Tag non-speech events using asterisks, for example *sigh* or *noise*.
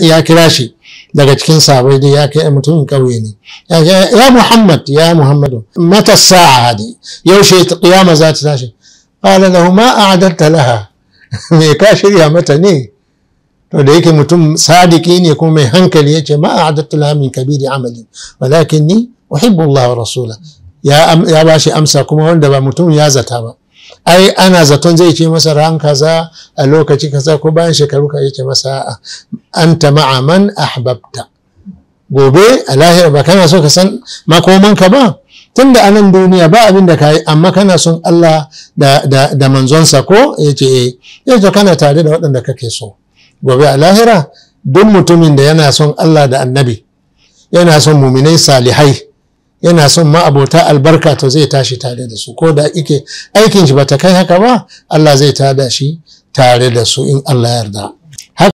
ya kira shi daga cikin sabai dai ya kai mutumin ƙauye ne ya muhammad ya muhammadu mata sa'a hadi yaushe kiyama za ta tashi qala lahu ma a'adatta laha *laughs* me ka shirya mata ne to da yake mutum sadiki ne kuma mai hankali yace ma a'adatta laha min kabiri amali walakinni uhibbu Allah wa rasula ya ya bashi amsa kuma wanda ba mutum ya zata ba ai ana zaton zai ce masa ran kaza a lokaci kaza ko bayan shekaru ka yake masa anta ma'a man ahbabta gobe a lahira ba kana so ka san makomanka ba tunda anan duniya ba abin da kayi amma kana son Allah da, da, da manzonsa ko yace ce eh yanzu kana tare da waɗanda kake so gobe a lahira duk mutumin da yana son Allah da annabi yana son muminai salihai yana son ma'abota albarka to zai tashi tare da su ko da ike aikin shi bata kai haka ba Allah zai tada shi tare da su in Allah yarda